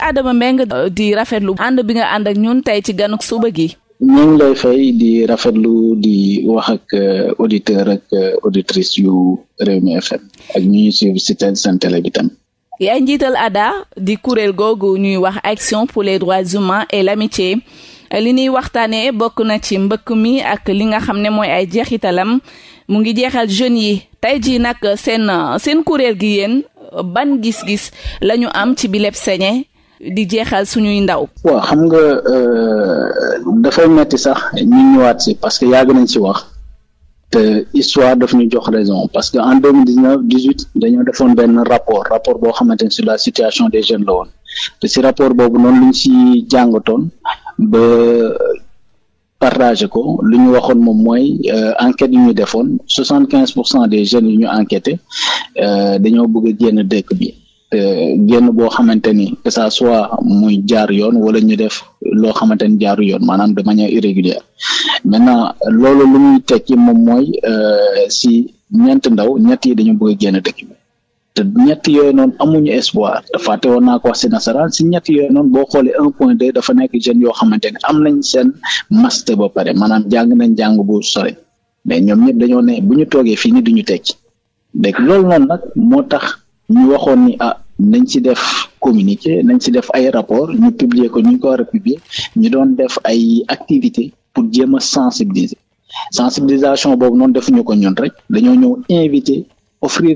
Adama Mbengue euh, di rafetlu ànd bi nga ànd ak ñun tey ci ganuk suba gi. ñu lay fay di rafetlu di waxak ak euh, auditeur ak euh, auditrice yu Rewmi FM ak ñu ñu si seen bi tam. yaay njiital ADHA di kuréel googu ñuy wax action pour les droits humains et l'amitié li ñuy waxtaanee bokk na ci mbëkk mi ak li nga xam ne mooy ay jeexitalam mu ngi jeexal jeunes yi tey jii nag seen seen kuréel gi yéen ban gis-gis la ñu am ci bileb sañe di jeexal suñuy ndaw. waaw xam nga euh, dafay metti sax ñu ñëwaat si parce que yàgg nañ si wax te histoire daf ñu jox raison parce que en deux mille dix neuf dix huit dañoo defoon benn rapport rapport boo xamante ne sur la situation des jeune la woon te si rapport boobu noonu lu ñu si jàngatoon ba. partagé ko lu ñu waxoon moom mooy euh, enquête yu ñu defoon soixante quinze pour cent des jeunes yu ñu enquêté euh, dañoo bëgg génn dëkk bi Euh, génn boo xamante ni que ça soit muy jaar yoon wala ñu def loo xamante ni jaaru yoon maanaam de manière irrégulière naa loolu lu muy tekki moom mooy euh, si ñeent ndaw ñett yi dañu bëgg a génn te ñett yooyu noonu amuñu espoir te fàtte woon naa ko wax si nasaraan si ñett yooyu noonu boo xoolee un point deux dafa nekk jeunes yoo xamante am nañ seen master ba pare maanaam jàng nañ jàng bu sore mais ñoom ñëpp dañoo ne bu toogee fii ni duñu tekki dégg loolu noonu moo tax ñu waxoon ah, nañ ci def communiqué nañ si def ay rapport ñu publier ko ñu ko war a publier ñu doon def ay activité pour jéem a sensibiliser sensibilisation boobu noonu defuñu ko ñun rek dañoo ñëw invité offrir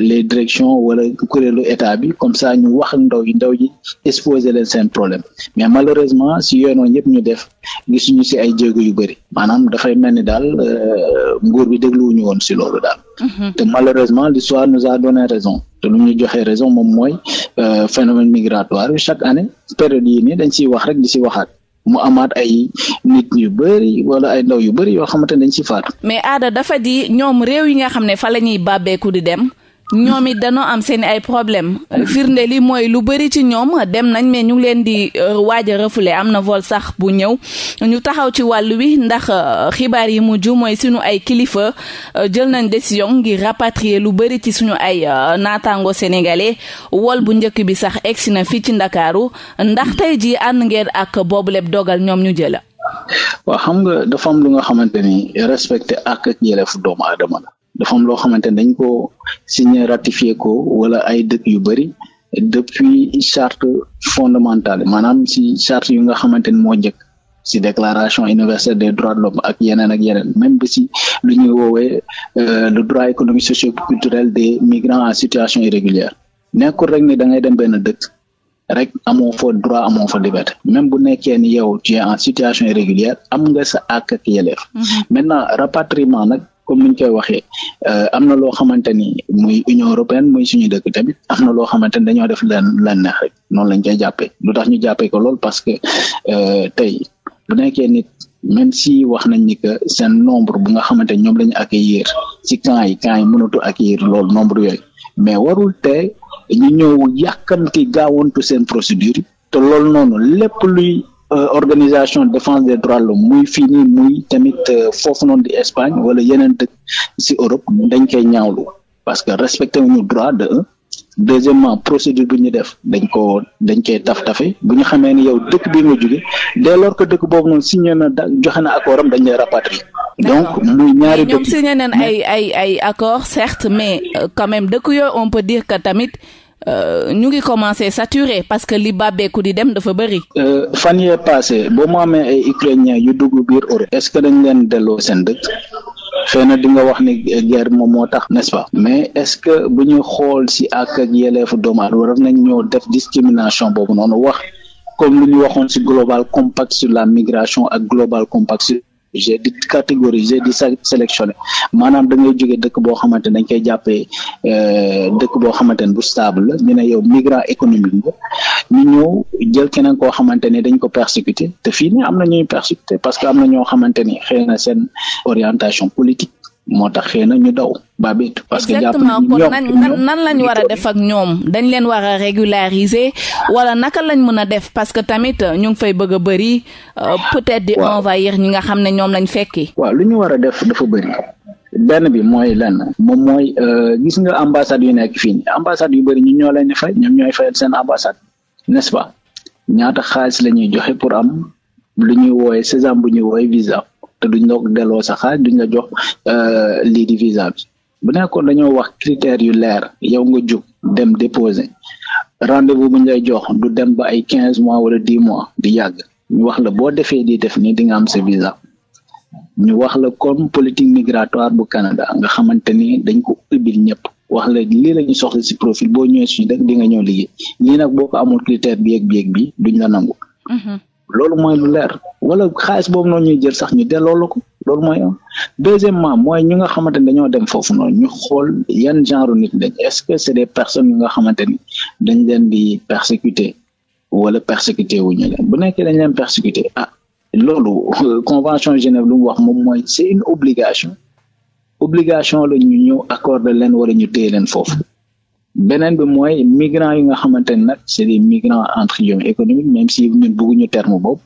les directions wala kuréelu état bi comme ça ñu wax ak ndaw yi ndaw yi exposer leen seen problème mais malheureusement si yooyu noonu yëpp ñu def gisuñu si ay jéego yu bëri maanaam dafay mel ni daal euh, nguur bi dégluwuñu woon si loolu daal. Mhm. te malheureusement l'histoire nous a donné raison te lu ñu joxe raison moom mooy euh, phénomène migratoire bi chaque année période yi nii dañ siy wax rek di si waxaat. mu amaat ay nit yu bëri wala ay ndaw yu bëri yoo xamante ne dañ ci faatu. mais xam ne fa la ñuy bàbbeeku di dem ñoom it danoo am seen ay problème firnde li mooy lu bëri ci ñoom dem nañ mais ñu leen di euh, waaj a am na vol sax bu ñëw ñu taxaw ci wàll wi ndax euh, xibaar yi mujj mooy suñu ay kilifa euh, jël nañ décision ngir rapatrier lu bëri ci suñu ay naataango sénégalais wol bu njëkk bi sax egsi na fii ci ndakaaru ndax tey ji ànd ngeen ak boobu lépp dogal ñoom ñu jëla waaw xam nga dafa am lu nga xamante ni ak ak yelleefu doomu aadama dafa am loo xamante ne dañ ko signé ratifié ko wala ay dëkk yu bëri depuis charte fondamentale maanaam si charte yu nga xamante ne moo njëkk si déclaration universelle des droits de l'homme ak yeneen ak yeneen même ba si lu ñuy woowee euh, le droit économique socio-culturel des migrants en situation irrégulière nekkul rek ni da ngay dem benn dëkk rek amoo fa droit amoo fa liberté même bu nekkee ni yow tu en situation irrégulière am nga sa àq ak yelleef mhm. maintenant comme ni ñu koy waxee euh, am na loo xamante ni muy Union européenne muy suñu dëkk tamit am na loo xamante ni dañoo def leen leen neex rek noonu lañ koy jàppee lu tax ñu jàppee ko lool parce que euh, tey bu nekkee nit même si wax nañ ni que seen nombre bu nga xamante ni ñoom la ñu accueillir ci camp yi camp yi mënatu accueillir loolu nombre yooyu mais warul te ñu ñëw yàkkamti gaawantu seen procédure te loolu noonu lépp luy. Euh, organisation défense des droits de l'homme muy fii nii muy tamit euh, foofu noonu di Espagne wala yeneen dëkk si Europe dañ koy ñaawlu parce que respecté wuñu droit de un deuxièmement procédure bi ñu def dañ ko dañ koy taf tafe bu ñu xamee ni yow dëkk bi nga jóge dès lors que dëkk boobu noonu signé na da joxe na accord am dañ lay rapatrier donc muy ñaari dëkk ñoom signé ay ay ay accord mais euh, quand même dëkk yooyu on peut dire que tamit Euh, ñu ngi commencé saturé parce que li bàbbeeku di dem dafa bëri. Euh, fan yee passé boo mu amee ay ukrainien yu dugg biir Europe est-ce que dañ leen delloo seen dëkk. xëy na di nga wax ni guerre moo tax n'est-ce pas mais est-ce que bu ñu xool si ak ak yeleefu doomu aadama nañ ñoo def discrimination boobu noonu wax comme lu ñu waxoon si global compact sur la migration ak global compact sur j'ai di catégorie j'ai di sélectionné maanaam da ngay jógee dëkk boo xamante dañ koy jàppee euh, dëkk boo xamante ne bu stable la ñu ne yow migrant économique nga ñu ñëw jël keneen koo xamante ne dañ ko persécuté te fii ne am na ñuy persécuté parce que am na ñoo xamante ni xëy na seen orientation politique moo tax xëy na ñu daw Babette parce que exactement nan nan lañ war a def ak ñoom dañ leen war a régulariser wala naka lañ mën a def parce que tamit euh, ñu ngi fay bëgg a bëri euh, peut-être di envahir ñi nga xam ne ñoom lañ fekki waaw lu ñu war a def dafa bëri benn bi mooy lenn moom mooy euh, gis nga ambassade yu nekk fii ambassade yu bëri ñu ñoo leen di fay ñoom ñooy fayal seen ambassade n'est-ce pas ñaata xaalis la ñuy joxe pour am lu ñuy wooye sésame bu ñuy wooye visa te duñ la delloo sa xaaj duñ la jox euh, lii di visa bu nekkoon dañoo wax critères yu leer yow nga jóg dem déposer rendez-vous bu ñu lay jox du dem ba ay quinze mois wala dix mois di yàgg ñu wax la boo defee di def nii di nga am sa visa ñu wax la comme politique migratoire bu Canada nga xamante ni dañ ko ubbil ñëpp wax la lii la ñu soxla si profil boo ñëwee suñu dëkk di nga ñëw liggéey ñii nag boo ko amul critère bi ak bi ak bi duñ la nangu. Mm-hmm. loolu mooy lu leer wala xaalis boobu noonu ñuy jël sax ñu delloo la ko lool mooy yo deuxièmement mooy ñu nga xamante ni dañoo dem foofu noonu ñu xool yan genre nit lañ est-ce que c'est des personnes yu nga xamante ni dañ leen di persécuter wala persécuter wu ñu leen bu nekkee dañ leen persécuter ah loolu euh, convention Genève lu wax moom mooy c'est une obligation obligation la ñu ñëw accorder leen wala ñu téye leen foofu beneen bi mooy migrants yi nga xamante ne nag c'est des migrants entre guillemets économiques même si ñun ñu terme boobu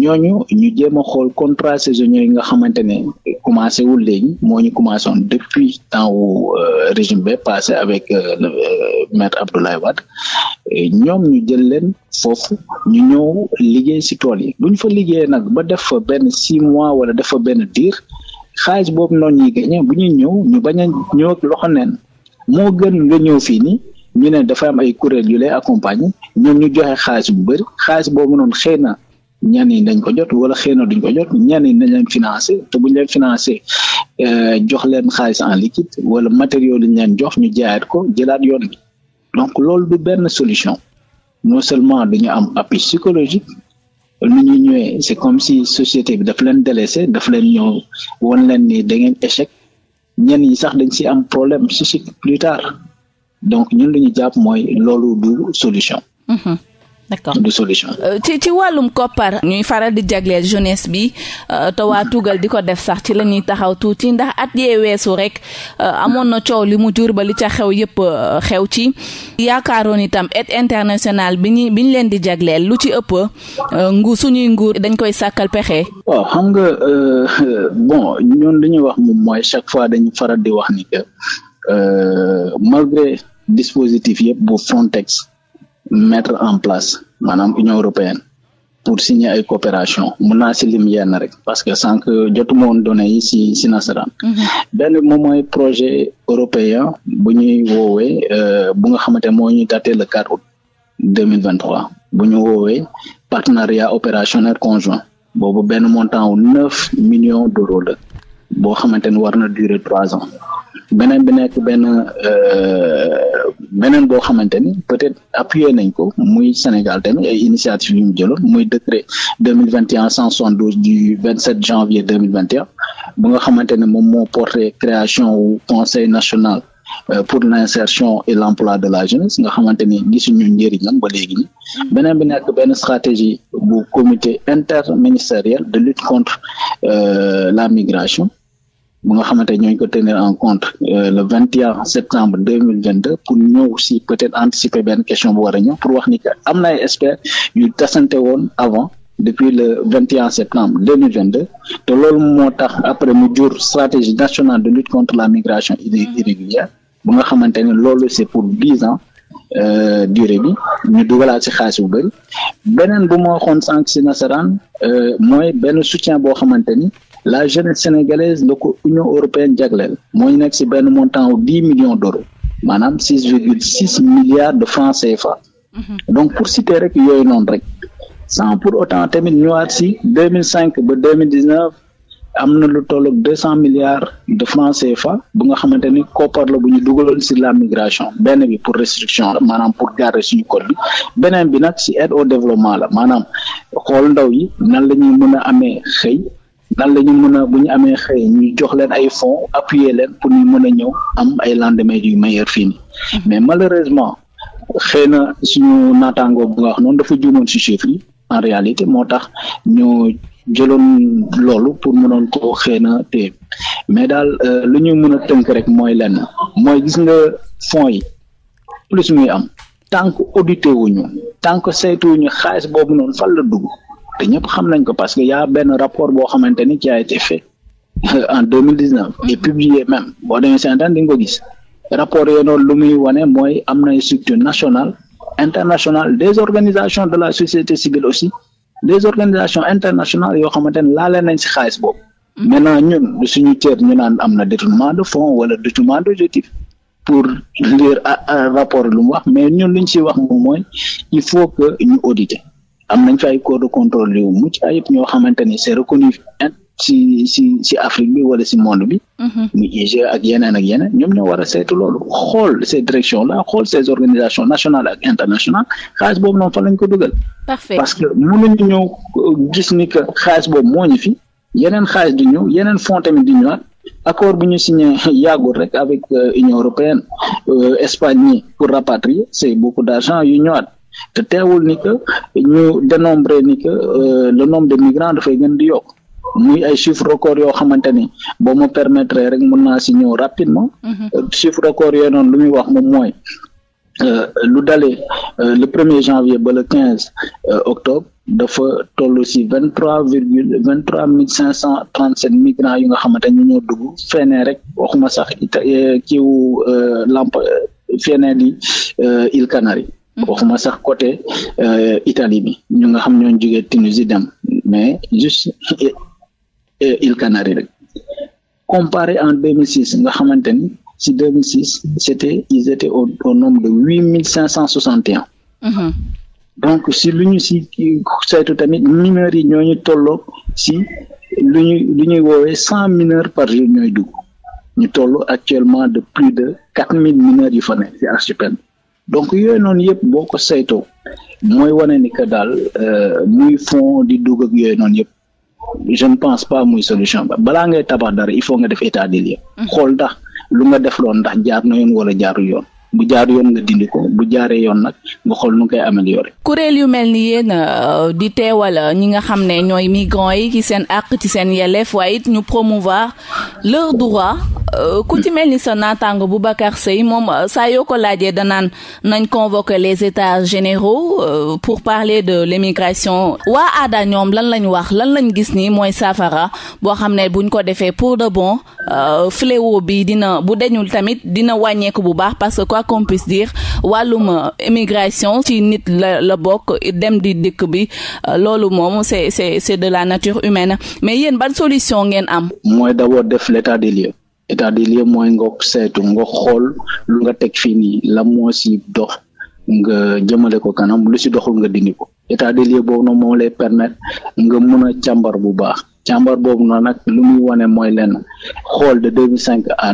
ñooñu ñu jéem a xool contrat saison yi nga xamante ne commencé wul léegi moo ñu commencé woon depuis temps wu euh, régime bi passé avec euh, le euh, maître Abdoulaye Wade ñoom ñu jël leen foofu ñu ñëw liggéey si tool yi bu fa liggéeyee nag ba def fa benn six mois wala def fa benn diir xaalis boobu noonu ñuy gagné bu ñuy ñëw ñu bañ a ñëw ak loxo moo gën nga ñëw fii nii ñu ne dafa am ay kuréel yu lay accompagne ñoom ñu joxe xaalis bu bëri xaalis boobu noonu xëy na ñan yi dañ ko jot wala xëy na duñ ko jot ñenn yi dañ leen financé te buñ leen financé euh, jox leen xaalis en liquide wala matériaux lañ leen jox ñu jaayaat ko jëlaat yoon donc loolu du benn solution non seulement dañu am appui psychologique nu ñu ñëwee c'est comme si société bi daf leen délaissé daf leen ñëw won leen ni échec ñenn ñi sax dañ ci am problème psychique plus tard donc ñun lu ñu jàpp mooy loolu du solution. Mm -hmm. d'accord de solution. Euh, ci ci wàllum koppar. ñuy faral di jagleel jeunesse bi euh, te waa tugal di ko def sax ci lañuy ñuy taxaw tuuti ndax at yee weesu rek euh, amoon na coow li mu jur ba li ca xew yépp xew ci. yaakaaroon itam aide international bi ñu bi leen di jagleel lu ci ëpp ngu suñuy nguur dañ koy sàkkal pexe. waaw xam nga bon ñun li ñuy wax moom mooy chaque fois dañu faral di wax ni que malgré dispositif yépp bu Frontex. mettre en place maanaam union européenne pour signer ay coopération mun naa si lim yenn rek parce que sànq jotuma woon données yi si si nasaraan mm-hmm. benn moom mooy projet européen bu ñuy woowee euh, bu nga xamante moo ñuy daté le 4 août 2023 bu ñu woowee partenariat opérationnel conjoint boobu benn montan wu neuf millions d'euros la boo xamante ni war na durer trois ans beneen bi nekk benn euh, beneen boo xamante ni peut-être appuyé nañ ko muy Sénégal tamit ay initiative yu mu muy décret deux mille vingt et un cent soixante douze du vingt sept janvier deux mille vingt et un bu nga xamante ne moom moo porté création wu conseil national Euh, pour l'insertion et l'emploi de la jeunesse nga xamante ni gisuñu njëriñam ba léegi ni mm-hmm. beneen bi nekk benn stratégie bu comité interministériel de lutte contre euh, la migration bu nga xamante ñooñu ko tenir en compte euh, le vingt et un septembre deux mille vingt pour ñëw si peut-être anticiper benn question bu war a pour wax ni que am na ay experts yu tasante woon avant depuis le 21 septembre 2022 te lool moo tax après mu jur stratégie nationale de lutte contre la migration mm-hmm. irrégulière bo nga xamante ne lool c'est pour dix ans euh, durée bi ñu dugalaat ci xaalis bu bëri beneen bu ma waxoon sànq ci nasaraan euh, mooy benn soutien boo xamante ni la jeunesse sénégalaise la ko Union européenne jagleel mooy nekk ci benn montan wu dix millions d'euros maanaam six virgule six milliards de francs fa mm-hmm. donc pour citer rek yooyu noonu rek sans pour autant tamit ñëwaat si deux mille cinq ba deux mille dix neuf am na lu toll deux cent milliards de francs CFA bu nga xamante ni koppar la bu ñu dugaloon si la migration benn bi pour restriction la maanaam pour garder suñu code bi beneen bi nag si aide au développement la maanaam xool ndaw yi nan la ñuy mën a amee xëy nan la ñu mën a bu ñu amee xëy ñu jox leen ay fonds appuyer leen pour ñu mën a ñëw am ay lendemain yu meilleur fii nii mhm. mais malheureusement xëy na suñu naataangoo bu nga wax noonu dafa juumoon si chiffre en réalité moo tax ñu jëloon loolu pour mënoon ko xëy na téye mais daal euh, lu ñu mën a tënk rek mooy lenn mooy gis nga fonds yi plus muy am tant que wuñu tant que saytu wuñu xaalis boobu noonu fan la dugg te ñëpp xam nañ ko parce que y benn rapport boo xamante ni qui a été en deux mille dix neuf et publié même boo demee seen daan di ko gis rapport yooyu noonu lu muy wane mooy am na structure nationale internationale des organisations de la société civile aussi des organisations internationales yoo xamante ne laale nañ si xaalis boobu. Mm-hmm. maintenant ñun du suñu cër ñu naan am na détournement de fonds wala détournement d'objectif pour lire rapport lu mu wax mais ñun luñ si wax moom mooy il faut que ñu auditer am nañ fa ay corps de contrôle yu mucc ayib ñoo xamante ni c'est si ci ci Afrique bi wala si monde bi. Mhm. muy IGE yeneen ak yeneen ñoom ñoo war a seetu loolu xool ces directions la xool ces organisations nationales ak internationales xaalis boobu noonu fan lañ ko dugal. parfait parce que mënuñu ñëw euh, gis ni que xaalis boobu moo ñu fi yeneen xaalis du ñëw yeneen fonds tamit du ñëwaat accord bu ñu signé yàggul rek avec euh, Union européenne euh, Espagne ñi pour rapatrier c'est beaucoup d'argent yu ñëwaat. te teewul ni que ñu dénombré ni que le nombre de migrants dafay gën di yokk muy ay chiffre record yoo xamante ni boo ma permettre rek mën naa si ñëw rapidement mhm. euh, chiffre record yooyu noonu lu muy wax moom mooy euh, lu dale euh, le premier janvier ba le quinze octobre dafa toll si vingt trois virgule vingt trois mille cinq cent trente sept migrants yu nga xamante ni ñoo dugg feneen rek waxuma sax ita kiiwu lamp feneen di îles Canaries mhm. waxuma sax côté Italie bi ñu nga xam ñoo jógee Tunisie dem mais juste et îles Canaries comparé en 2006 nga xamante ni si 2006 c'était ils étaient au, au nombre de huit mille cinq cent soixante et un mhm. donc si lu ñu si saytu tamit mineurs yi ñooñu tolloo si lu ñu lu ñuy woowee cent mineurs par jour ñooy dugg ñu toll actuellement de plus de quatre mille mineurs yu fa ne si archipel donc yooyu noonu yëpp boo ko saytoo mooy wane ni que daal euh, muy fond di dugg ak yooyu noonu yëpp je ne pense pas muy solution ba balaa ngay tabax dara il faut nga def état des lieux mm-hmm. xool ndax lu nga def loon ndax jaar na yoon wala jaaru yoon bu jaar yoon nga dindi ko nga xool amélioré. kuréel yu mel ni yéen euh, di teewal euh, ñi nga xam ne ñooy migrants yi ci seen àq ci seen yelleef waaye it ñu promouvoir leur droit euh, ku ci mel ni sa naataango Boubacar Seye moom saa yoo ko laajee naan nañ convoquer les états généraux pour parler de l'immigration waa aada ñoom lan lañ wax lan lañ gis ni mooy saafara boo xam ne buñ ko defee pour de bon fléau bi dina bu deñul tamit dina wàññeeku bu baax parce qu'on puisse dire wàllum euh, immigration ci nit la la bokk dem di dikk bi euh, loolu moom c'est c'est c'est de la nature humaine mais yéen ban solution ngeen am. mooy d'abord def l'état des lieux. état des lieux mooy nga seetu nga xool lu nga teg fii nii la moo si dox nga jëmale ko kanam lu si doxul nga dindi ko état des lieux boobu noonu moo nga mën a càmbar bu baax. càmbar boobu noonu nag lu muy wane mooy lenn xool de deux mille cinq à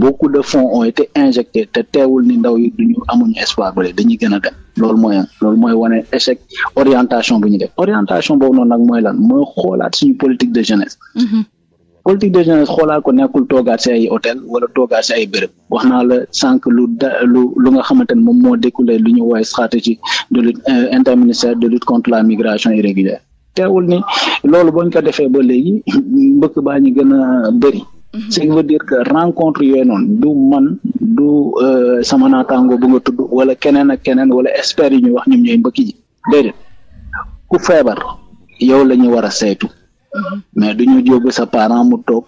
beaucoup de fonds ont été injectés te teewul ni ndaw yi duñu amuñu espoir bale dañuy gën a dem loolu mooy loolu mooy wane échec orientation bu ñu def orientation boobu noonu nag mooy lan mooy xoolaat suñu politique de jeunesse mm-hmm. politique de jeunesse xoolaat ko nekkul toogaat si ay hôtel wala toogaat si ay béréb wax naa la sànq lu da lu lu nga xamante ne moom moo découlé lu ñu woowee stratégie de lutte euh, interministérielle de lutte la migration teewul ni loolu boo ñu ko defee ba léegi mbëkk baa ñu gën a bëri. Mhm. ce qui veut dire que rencontre yooyu noonu du man du euh, sama naataango bu nga tudd wala keneen ak keneen wala experts yi ñuy wax ñoom ñooy mbëkk ji déedéet ku feebar yow la ñu war a saytu mhm. mais du ñu jóg sa parent mu toog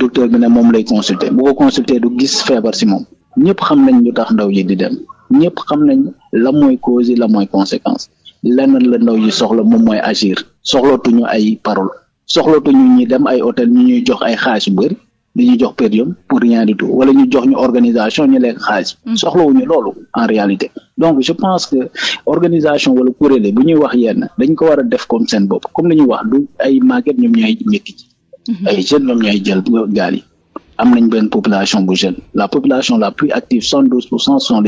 docteur bi ne moom lay consulter bu ko consulter du gis feebar si moom ñëpp xam nañ lu tax ndaw ji di dem ñëpp xam nañ la mooy cause yi la mooy conséquence lenn la ndaw yi soxla moom mooy agir soxlootuñu ay parole soxlootuñu ñi dem ay hôtel ñu ñuy jox ay xaalis yu bëri di ñuy jox période pour rien wala ñu jox ñu organisation ñu lekk wu mm. soxlawuñu loolu en réalité donc je pense que organisation wala kuréel bu ñuy wax yenn dañ ko war a def comme seen bopp comme la ñuy wax du ay màgget ñoom ñooy métti mm-hmm. ay jeunes ñoom ñooy jël gaal yi am nañ benn population bu jeune la population la plus active soixante douze pour cent sont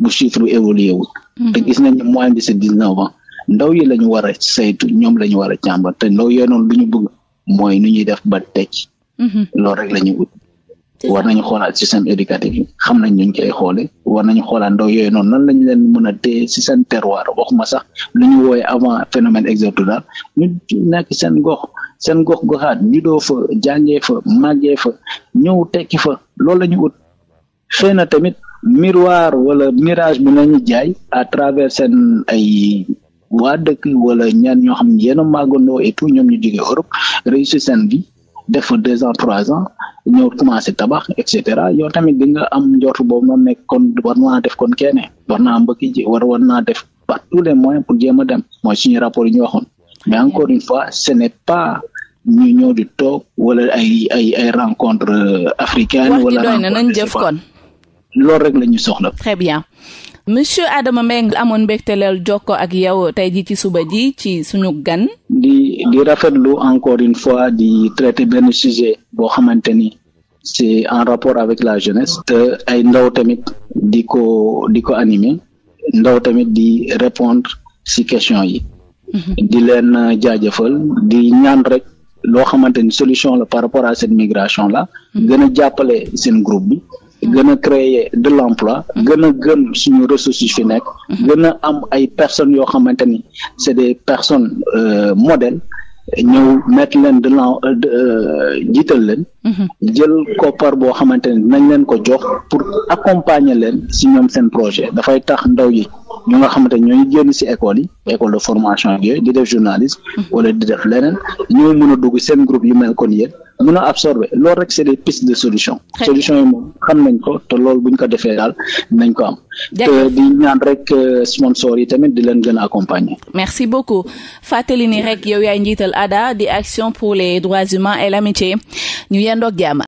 bu chiffre bi évolué wu. Mm-hmm. gis nañ ne moins de dix neuf ndaw yi la ñu war a saytu ñoom la ñu war a càmbar te ndaw yooyu noonu lu ñu bëgg mooy nu ñuy def ba tecc. Mm-hmm. loolu rek la ñu ut. war nañu xoolaat système éducatif yi xam nañ ñu koy xoole war nañu xoolaat ndaw yooyu noonu nan lañu leen mën a téye si seen terroir waxuma sax lu ñu wooye avant phénomène exodoral ñu nekk seen gox seen gox goxaat judoo fa jàngee fa màggee fa ñëw tekki fa loolu la ñu ut tamit miroir wala mirage bi la ñu jaay à travers seen ay waa dëkk wala ñaan ñoo xam ne yéen a màggandoo et tout ñoom ñu jógee Europe réussir seen vie def deux ans trois ans ñoo commencé tabax et cetera yow tamit di nga am njort boobu noonu nekk kon war def kon kenn war naa mbëkki ji war war naa def par tous les moins pour jéem a dem mooy suñu rapport yi ñu waxoon mais encore une fois ce n'est ñëw di toog wala ay ay ay rencontre africaine wala nañ jëf kon loolu rek la ñu soxla. très bien monsieur Adama Mbengue amoon mbégteleel jokko ak yow tey ji ci suba ji ci suñu gan. di di rafetlu encore une fois di traiter benn sujet boo xamante ni c'est en rapport avec la jeunesse. te ay ndaw tamit di ko di ko animer ndaw tamit di répondre ci question yi. Mhm. di leen jaajëfal di ñaan rek. loo xamante ni solution la par rapport à cette migration la mhm. gën a jàppale seen groupe bi. gën créer de l' emploi mm-hmm. gën a gëm suñu ressources yi fi nekk mm-hmm. gën a am ay personnes yoo xamante ni c' est des personnes euh, modèles ñëw mettre leen de la euh, euh, jiital leen mm-hmm. jël koppar boo xamante ni dinañ leen ko jox pour accompagner leen si ñoom seen projet dafay tax ndaw yi ñu nga xamante ñooy génn ci école yi école de formation yooyu di def journalisme mhm. wala di def leneen ñoo mën a dugg seen groupe yu mel kon yéen mën a absorber loolu rek c'est des pistes de solution solution yi moom xam nañ ko te loolu buñ ko defee daal nañ ko am di ñaan rek euh, sponsor yi tamit di leen gën a accompagner merci beaucoup fàttali ni rek yow yaay njiital ADHA di action pour les droits humains et l'amitié ñu yendoog jàmm